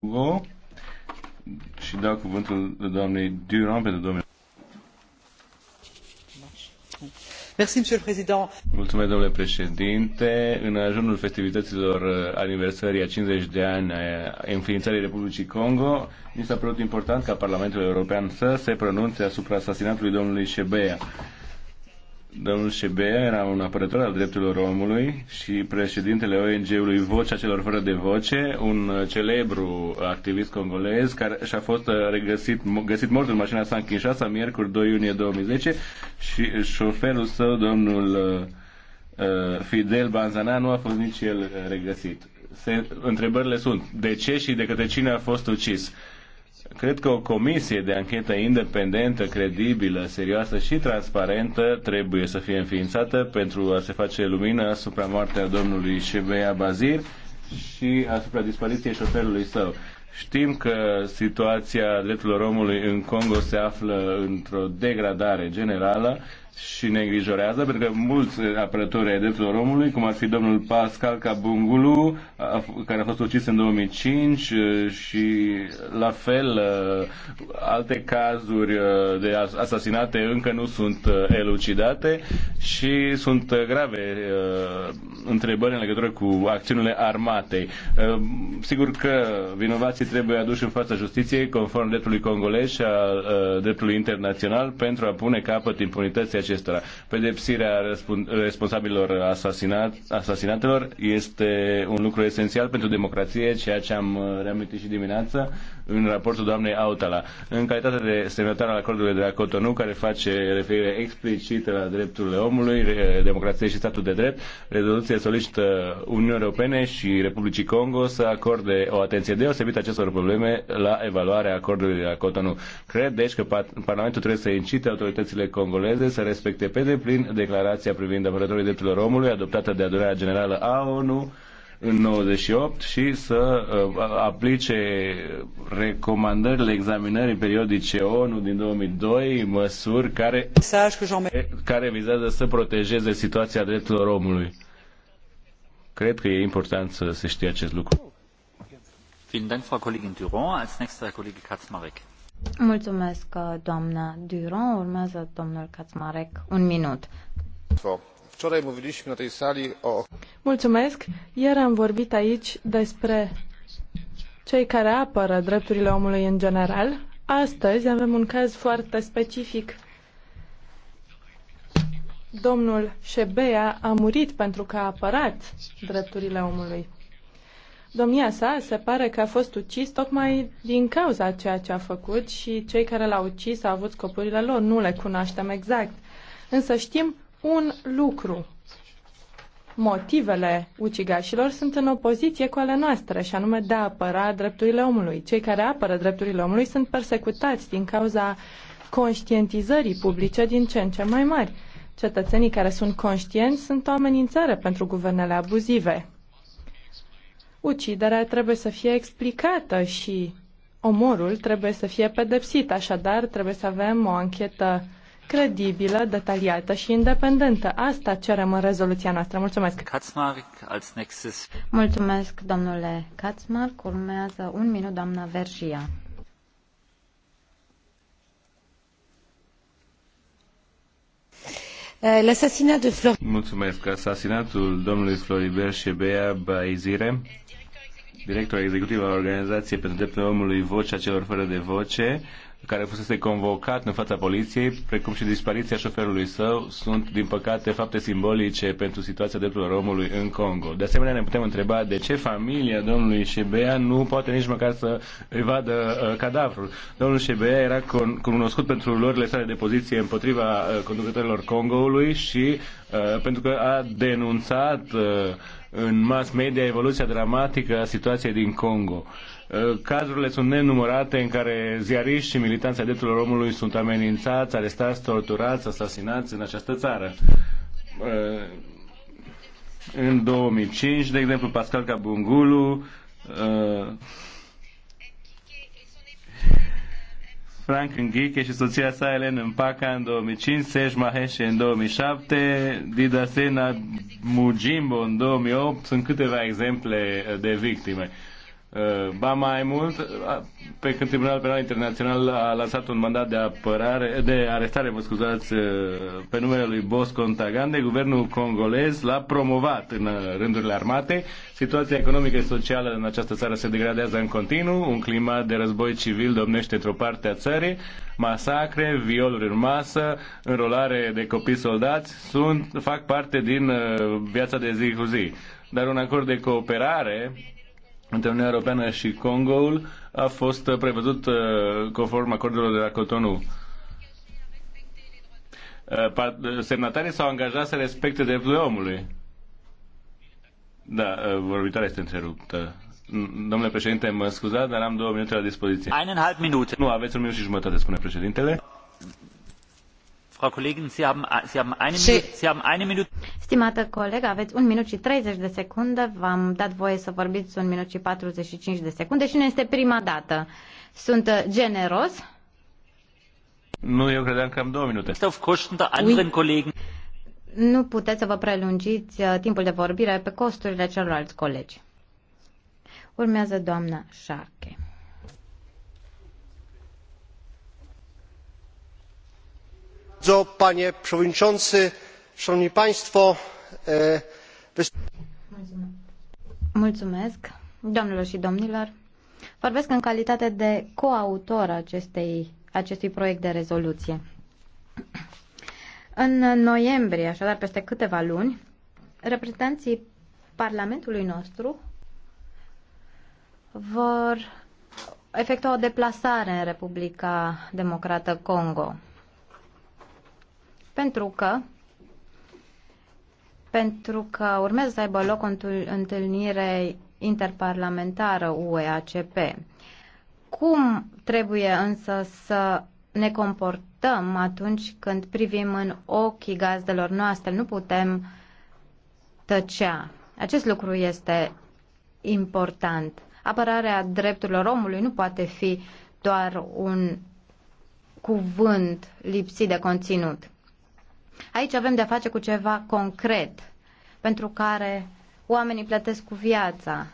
Hugo și dau cuvântul doamnei Durand pentru domnul. Merci, Monsieur le Président. Mulțumesc, domnule președinte. În ajunul festivităților aniversării a 50 de ani a înființării Republicii Congo, mi s-a părut important ca Parlamentul European să se pronunțe asupra asasinatului domnului Shebea Domnul Șebea era un apărător al drepturilor omului și președintele ONG-ului Vocea celor fără de voce, un celebru activist congolez care și-a fost uh, regăsit, găsit mort în mașina sa în Kinshasa, miercuri 2 iunie 2010 și șoferul său, domnul uh, uh, Fidel Banzana, nu a fost nici el regăsit. Se, întrebările sunt de ce și de către cine a fost ucis. Cred că o comisie de anchetă independentă, credibilă, serioasă și transparentă trebuie să fie înființată pentru a se face lumină asupra moartea domnului Shebea Bazir și asupra dispariției șoferului său. Știm că situația drepturilor omului în Congo se află într-o degradare generală și ne îngrijorează, pentru că mulți eh, apărători ai drepturilor omului, cum ar fi domnul Pascal Cabungulu, care a fost ucis în 2005 eh, și la fel eh, alte cazuri de asasinate încă nu sunt elucidate și sunt grave întrebări în legătură cu acțiunile armatei. Sigur că vinovații trebuie aduși în fața justiției conform dreptului congolez și a dreptului internațional pentru a pune capăt impunității acestora. Pedepsirea responsabililor asasinat, asasinatelor este un lucru esențial pentru democrație, ceea ce am uh, reamintit și dimineața în raportul doamnei Autala. În calitate de semnatar al acordului de la Cotonou, care face referire explicită la drepturile omului, democrație și statul de drept, rezoluția solicită Uniunii Europene și Republicii Congo să acorde o atenție deosebită acestor probleme la evaluarea acordului de la Cotonou. Cred, deci, că Parlamentul trebuie să incite autoritățile congoleze să respecte pe deplin declarația privind apărătorii drepturilor omului adoptată de adunarea generală a ONU în 98 și să uh, aplice recomandările examinării periodice ONU din 2002, măsuri care, care vizează să protejeze situația drepturilor omului. Cred că e important să se știe acest lucru. Mulțumesc, doamna Duron. Urmează domnul Kaczmarek. Un minut. Wczoraj mówiliśmy na tej sali o... Mulțumesc! Ieri am vorbit aici despre cei care apără drepturile omului în general. Astăzi avem un caz foarte specific. Domnul Shebea a murit pentru că a apărat drepturile omului. Domnia sa se pare că a fost ucis tocmai din cauza a ceea ce a făcut și cei care l-au ucis au avut scopurile lor, nu le cunoaștem exact. Însă știm un lucru. Motivele ucigașilor sunt în opoziție cu ale noastre, și anume de a apăra drepturile omului. Cei care apără drepturile omului sunt persecutați din cauza conștientizării publice din ce în ce mai mari. Cetățenii care sunt conștienți sunt o amenințare pentru guvernele abuzive. Uciderea trebuie să fie explicată și omorul trebuie să fie pedepsit, așadar trebuie să avem o anchetă credibilă, detaliată și independentă. Asta cerem în rezoluția noastră. Mulțumesc! Katzmark, als Mulțumesc, domnule Katzmark. Urmează un minut, doamna Vergia. Eh, l'assassinat de Flor... Mulțumesc. Asasinatul domnului Floribert Shebea Baizire, director executiv al Organizației pentru Drepturile Omului Vocea Celor Fără de Voce, care fusese convocat în fața poliției, precum și dispariția șoferului său, sunt, din păcate, fapte simbolice pentru situația drepturilor omului în Congo. De asemenea, ne putem întreba de ce familia domnului Shebea nu poate nici măcar să vadă uh, cadavrul. Domnul Shebea era con- cunoscut pentru lorile sale de poziție împotriva uh, conducătorilor Congoului și uh, pentru că a denunțat uh, în mass media evoluția dramatică a situației din Congo. Uh, Eh, cazurile sunt nenumărate în care ziariști și militanții drepturilor omului sunt amenințați, arestați, torturați, asasinați în această țară. Eh, în 2005, de exemplu, Pascal Cabungulu, eh, Frank Înghike și soția sa Elena Împaca în 2005, Sej Maheshe în 2007, Didasena Mujimbo în 2008, sunt câteva exemple de victime. Uh, ba mai mult, uh, pe când Tribunalul Penal Internațional a lansat un mandat de apărare, de arestare, vă scuzați, uh, pe numele lui Bosco Contagande, guvernul congolez l-a promovat în rândurile armate. Situația economică și socială în această țară se degradează în continuu, un climat de război civil domnește într-o parte a țării, masacre, violuri în masă, înrolare de copii soldați sunt, fac parte din viața de zi cu zi. Dar un acord de cooperare între Uniunea Europeană și Congoul a fost uh, prevăzut uh, conform acordurilor de la Cotonou. Uh, semnatarii s-au angajat să respecte drepturile omului. Da, vorbitoarea este întreruptă. Domnule președinte, mă scuzați, dar am două minute la dispoziție. minute. Nu, aveți un minut și jumătate, spune președintele. Stimată colegă, aveți 1 minut și 30 de secunde, v-am dat voie să vorbiți 1 minut și 45 de secunde și nu este prima dată. Sunt uh, generos? Nu, eu credeam că am două minute. Nu puteți să vă prelungiți uh, timpul de vorbire pe costurile celorlalți colegi. Urmează doamna Șarche. panie przewodniczący! szanowni państwo! vorbesc în calitate de coautor al acestui proiect de rezoluție. în noiembrie așadar peste câteva luni reprezentanții parlamentului nostru vor efectua o deplasare în republica democrată congo pentru că pentru că urmează să aibă loc o întâlnire interparlamentară UE-ACP. Cum trebuie însă să ne comportăm atunci când privim în ochii gazdelor noastre? Nu putem tăcea. Acest lucru este important. Apărarea drepturilor omului nu poate fi doar un cuvânt lipsit de conținut. Aici avem de-a face cu ceva concret, pentru care oamenii plătesc cu viața.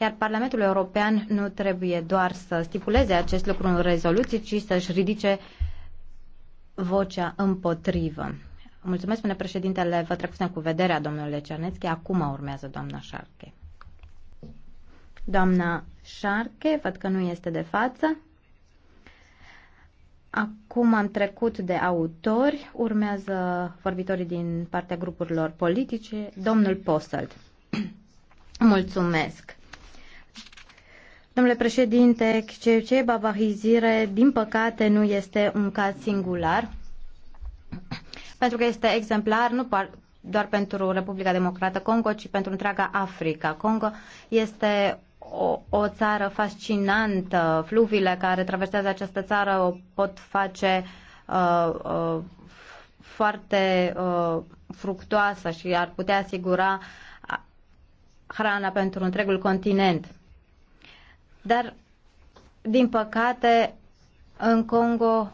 Iar Parlamentul European nu trebuie doar să stipuleze acest lucru în rezoluții, ci să-și ridice vocea împotrivă. Mulțumesc, spune președintele, vă trecusem cu vederea, domnule Cernețchi. Acum urmează doamna Șarche. Doamna Șarche, văd că nu este de față. Acum am trecut de autori, urmează vorbitorii din partea grupurilor politice, domnul Postelt. Mulțumesc. Domnule președinte, ce Babahizire, din păcate, nu este un caz singular, pentru că este exemplar nu doar pentru Republica Democrată Congo, ci pentru întreaga Africa. Congo este o, o țară fascinantă. Fluviile care traversează această țară o pot face uh, uh, foarte uh, fructoasă și ar putea asigura hrana pentru întregul continent. Dar, din păcate, în Congo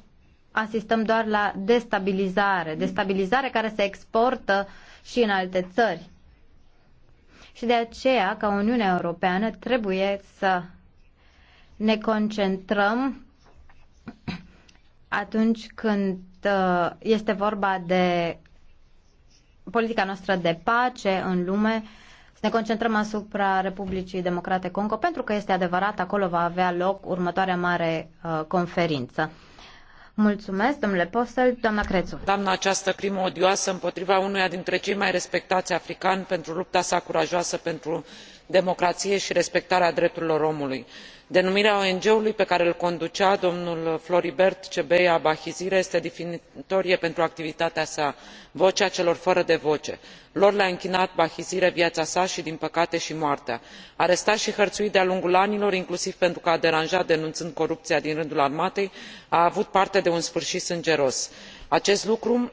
asistăm doar la destabilizare, destabilizare care se exportă și în alte țări și de aceea, ca Uniunea Europeană, trebuie să ne concentrăm atunci când uh, este vorba de politica noastră de pace în lume, să ne concentrăm asupra Republicii Democrate Congo, pentru că este adevărat, acolo va avea loc următoarea mare uh, conferință. Mulțumesc, domnule Postel, Crețu. această crimă odioasă împotriva unuia dintre cei mai respectați africani pentru lupta sa curajoasă pentru democrație și respectarea drepturilor omului denumirea ong ului pe care îl conducea domnul floribert chebeya bahizire este definitorie pentru activitatea sa vocea celor fără de voce. lor le a închinat bahizire viaa sa i din păcate i moartea. arestat i hăruit de a lungul anilor inclusiv pentru că a deranjat denunând corupia din rândul armatei a avut parte de un sfârit sângeros. acest lucru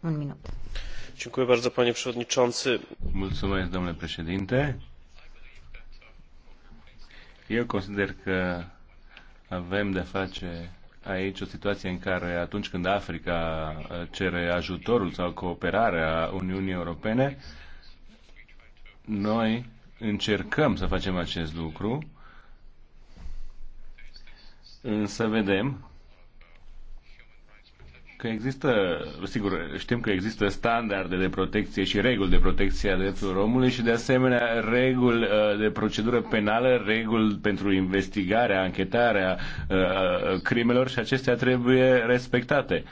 un minut. Mulțumesc, domnule președinte. Eu consider că avem de face aici o situație în care atunci când Africa cere ajutorul sau cooperarea Uniunii Europene, noi încercăm să facem acest lucru, însă vedem că există, sigur, știm că există standarde de protecție și reguli de protecție a drepturilor omului și de asemenea reguli uh, de procedură penală, reguli pentru investigarea, anchetarea uh, uh, crimelor și acestea trebuie respectate.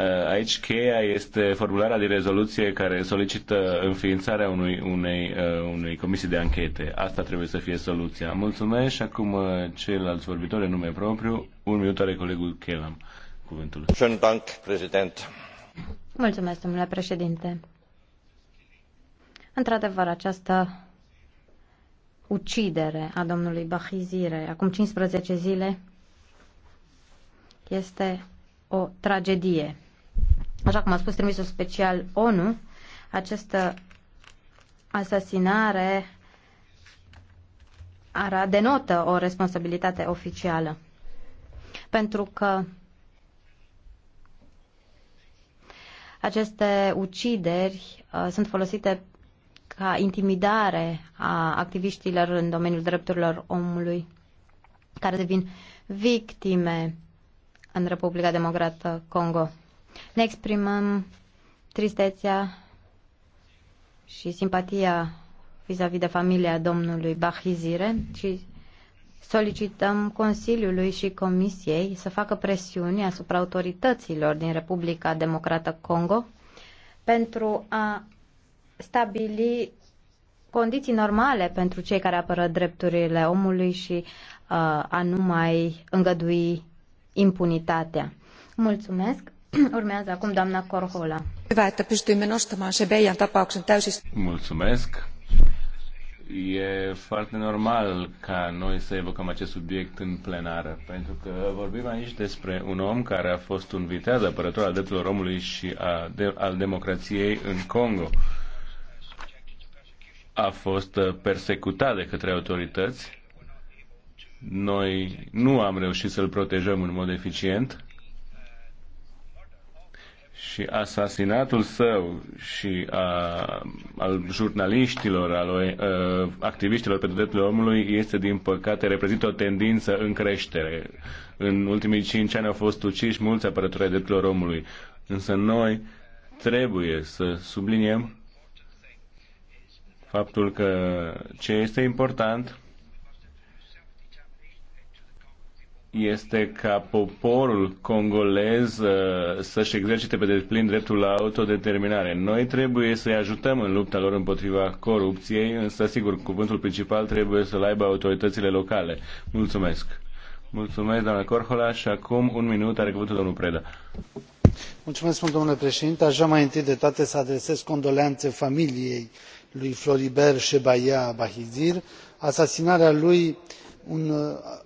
Uh, aici cheia este formularea de rezoluție care solicită înființarea unui, unei, uh, unei comisii de anchete. Asta trebuie să fie soluția. Mulțumesc și acum uh, ceilalți vorbitori în nume propriu. Un minut are colegul Chelam cuvântul. Mulțumesc, domnule președinte. Într-adevăr, această ucidere a domnului Bahizire acum 15 zile este o tragedie. Așa cum a spus trimisul special ONU, această asasinare ara denotă o responsabilitate oficială. Pentru că aceste ucideri uh, sunt folosite ca intimidare a activiștilor în domeniul drepturilor omului care devin victime în Republica Democrată Congo. Ne exprimăm tristețea și simpatia vis-a-vis -vis de familia domnului Bahizire și solicităm Consiliului și Comisiei să facă presiuni asupra autorităților din Republica Democrată Congo pentru a stabili condiții normale pentru cei care apără drepturile omului și uh, a nu mai îngădui impunitatea. Mulțumesc! Urmează acum doamna Corhola. Hyvä, että pystyimme nostamaan Sebeian tapauksen täysis... Mulțumesc. E foarte normal ca noi să evocăm acest subiect în plenară, pentru că vorbim aici despre un om care a fost un viteaz apărător al drepturilor omului și a de- al democrației în Congo. A fost uh, persecutat de către autorități. Noi nu am reușit să-l protejăm în mod eficient și asasinatul său și a, al jurnaliștilor, al a, uh, activiștilor pentru drepturile omului este, din păcate, reprezintă o tendință în creștere. În ultimii cinci ani au fost uciși mulți apărători ai drepturilor omului, însă noi trebuie să subliniem faptul că ce este important este ca poporul congolez uh, să-și exercite pe deplin dreptul la autodeterminare. Noi trebuie să-i ajutăm în lupta lor împotriva corupției, însă, sigur, cuvântul principal trebuie să-l aibă autoritățile locale. Mulțumesc! Mulțumesc, doamna Corhola, și acum un minut are cuvântul domnul Preda. Mulțumesc mult, domnule președinte. Așa mai întâi de toate să adresez condoleanțe familiei lui Floribert Shebaia Bahizir. Asasinarea lui un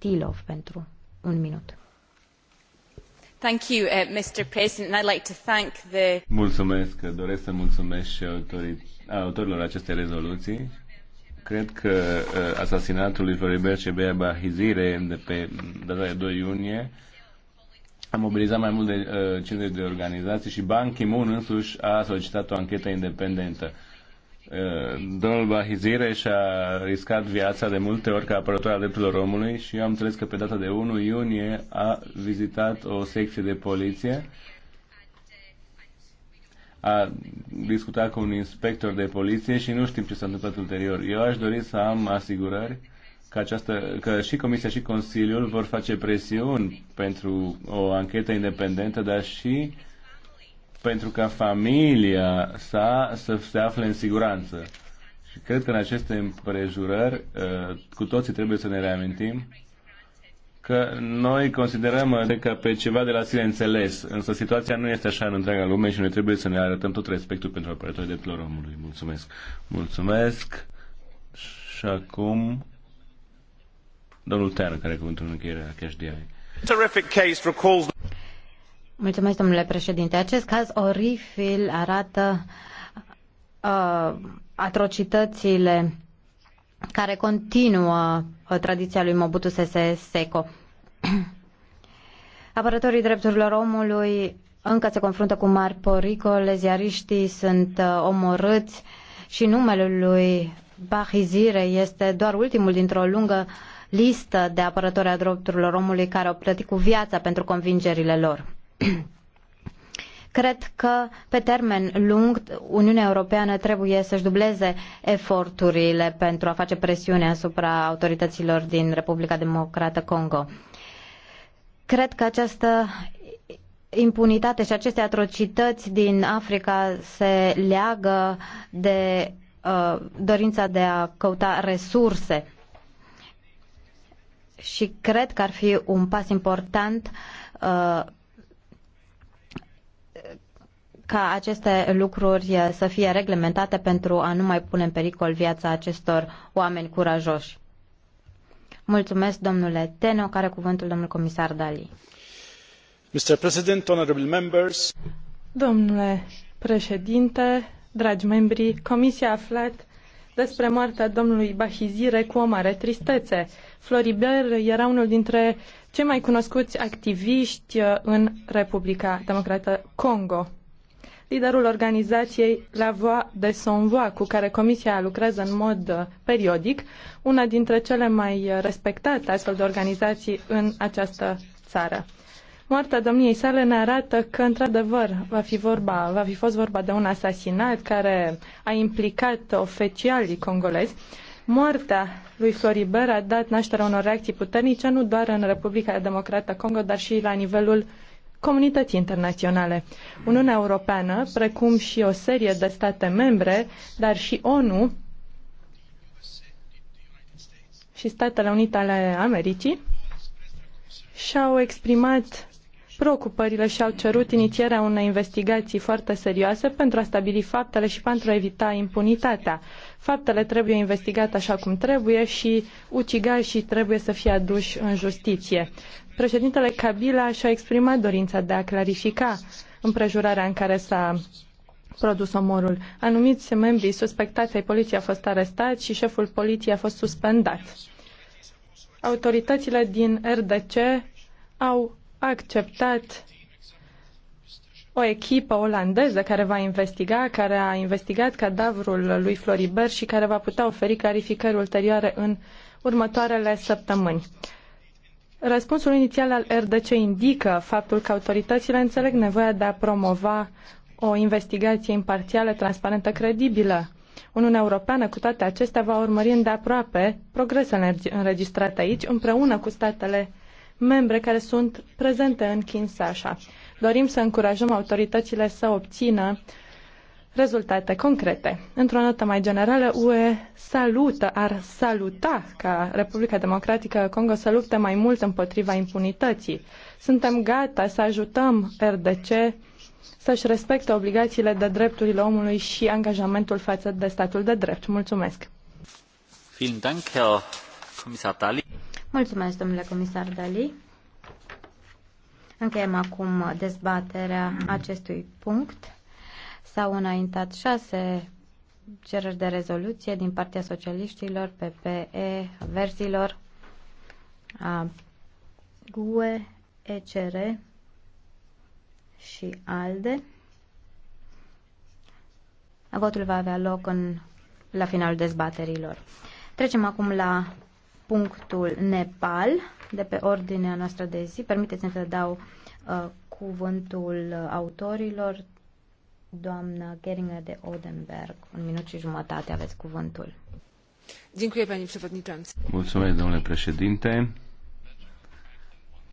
Tilov pentru un minut. Thank you, uh, Mr. President, and I'd like to thank the... Mulțumesc, doresc să mulțumesc și autorii, autorilor acestei rezoluții. Cred că uh, asasinatul lui Floribert Bea Bahizire de pe data de 2 iunie a mobilizat mai mult de uh, 50 de organizații și Ban Ki-moon însuși a solicitat o anchetă independentă. Uh, domnul Bahizire și-a riscat viața de multe ori ca apărător al drepturilor omului și eu am înțeles că pe data de 1 iunie a vizitat o secție de poliție, a discutat cu un inspector de poliție și nu știm ce s-a întâmplat ulterior. Eu aș dori să am asigurări că, această, că și Comisia și Consiliul vor face presiuni pentru o anchetă independentă, dar și uh, pentru ca familia sa să se afle în siguranță. Și cred că în aceste împrejurări, uh, cu toții trebuie să ne reamintim că noi considerăm ca pe ceva de la sine înțeles, însă situația nu este așa în întreaga lume și noi trebuie să ne arătăm tot respectul pentru de plor omului. Mulțumesc! Mulțumesc! Și acum, domnul Teană, care cuvântul în încheiere a Cash DI. Terrific case recalls Mulțumesc, domnule președinte. Acest caz orifil arată uh, atrocitățile care continuă uh, tradiția lui Mobutu Sese Seco. Apărătorii drepturilor omului încă se confruntă cu mari poricole, ziariștii sunt uh, omorâți și numele lui Bahizire este doar ultimul dintr-o lungă listă de apărători a drepturilor omului care au plătit cu viața pentru convingerile lor. Cred că pe termen lung Uniunea Europeană trebuie să-și dubleze eforturile pentru a face presiune asupra autorităților din Republica Democrată Congo. Cred că această impunitate și aceste atrocități din Africa se leagă de uh, dorința de a căuta resurse. Și cred că ar fi un pas important uh, ca aceste lucruri eh, să fie reglementate pentru a nu mai pune în pericol viața acestor oameni curajoși. Mulțumesc, domnule Teno, care cuvântul domnul comisar Dali. Mr. President, honorable members. Domnule președinte, dragi membri, Comisia a aflat despre moartea domnului Bahizire cu o mare tristețe. Floribert era unul dintre cei mai cunoscuți activiști eh, în Republica Democrată Congo liderul organizației La Voix de Voix, cu care Comisia lucrează în mod uh, periodic, una dintre cele mai uh, respectate astfel de organizații în această țară. Moartea domniei sale ne arată că, într-adevăr, va fi, vorba, va fi fost vorba de un asasinat care a implicat oficialii congolezi. Moartea lui Floriber a dat naștere unor reacții puternice, nu doar în Republica Democrată Congo, dar și la nivelul comunității internaționale. Uniunea Europeană, precum și o serie de state membre, dar și ONU și Statele Unite ale Americii, și-au exprimat preocupările și au cerut inițierea unei investigații foarte serioase pentru a stabili faptele și pentru a evita impunitatea. Faptele trebuie investigate așa cum trebuie și ucigașii trebuie să fie aduși în justiție. Președintele Kabila și-a exprimat dorința de a clarifica împrejurarea în care s-a produs omorul. Anumiți membrii suspectați ai poliției au fost arestați și șeful poliției a fost suspendat. Autoritățile din RDC au acceptat o echipă olandeză care va investiga, care a investigat cadavrul lui Floribert și care va putea oferi clarificări ulterioare în următoarele săptămâni. Răspunsul inițial al RDC indică faptul că autoritățile înțeleg nevoia de a promova o investigație imparțială, transparentă, credibilă. Uniunea Europeană, cu toate acestea, va urmări îndeaproape progresele înregistrate aici, împreună cu statele membre care sunt prezente în Kinshasa. Dorim să încurajăm autoritățile să obțină rezultate concrete. Într-o notă mai generală, UE salută, ar saluta ca Republica Democratică Congo să lupte mai mult împotriva impunității. Suntem gata să ajutăm RDC să-și respecte obligațiile de drepturile omului și angajamentul față de statul de drept. Mulțumesc! Mulțumesc, domnule comisar Dali. Încheiem acum dezbaterea acestui punct. S-au înaintat șase cereri de rezoluție din partea socialiștilor, PPE, Verzilor, a GUE, ECR și ALDE. Votul va avea loc în, la finalul dezbaterilor. Trecem acum la punctul Nepal de pe ordinea noastră de zi. Permiteți-mi să dau uh, cuvântul autorilor, Doamna Geringer de Odenberg, un minut și jumătate aveți cuvântul. Mulțumesc, domnule președinte.